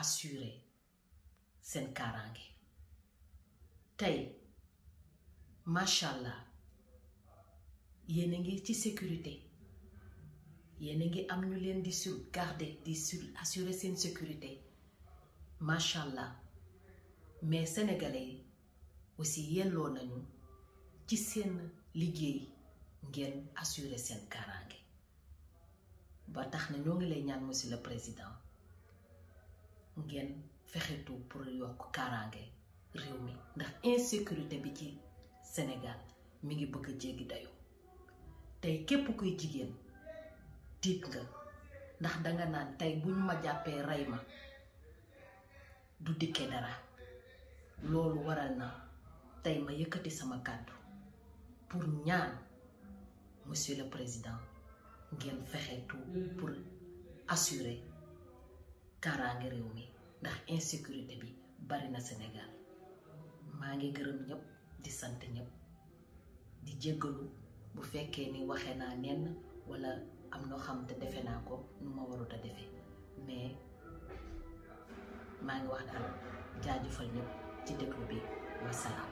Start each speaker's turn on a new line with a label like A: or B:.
A: assurer sen kaaraange tay machallah allah ngi ci sécurité yéen ngi am ñu leen di garder di sur assurer sen sécurité machallah mais sénégalais aussi yelloo nañu ci sen liguey ngeen assurer sen kaaraange ba tax na ñoo ngi lay ñaan monsieur le président. ngeen fexetu pour yok karange réew mi ndax insécurité bi ci sénégal mi ngi bëgg jéggi dayo tey képp kuy jigéen tiit nga ndax danga naan tay buñ ma jàppee rey ma du dikke dara loolu waral na tay ma yëkkati sama kàddu pour ñaan monsieur le président ngeen fexe pour assurer kaaraange réew mi ndax insécurité bi bari na Sénégal maa ngi gërëm ñëpp di sant ñëpp di jéggalu bu fekkee ni waxe naa nenn wala am noo xam te defe naa ko nu ma warut a defe mais maa ngi wax daal jaajëfal ñëpp ci déglu bi wasalaam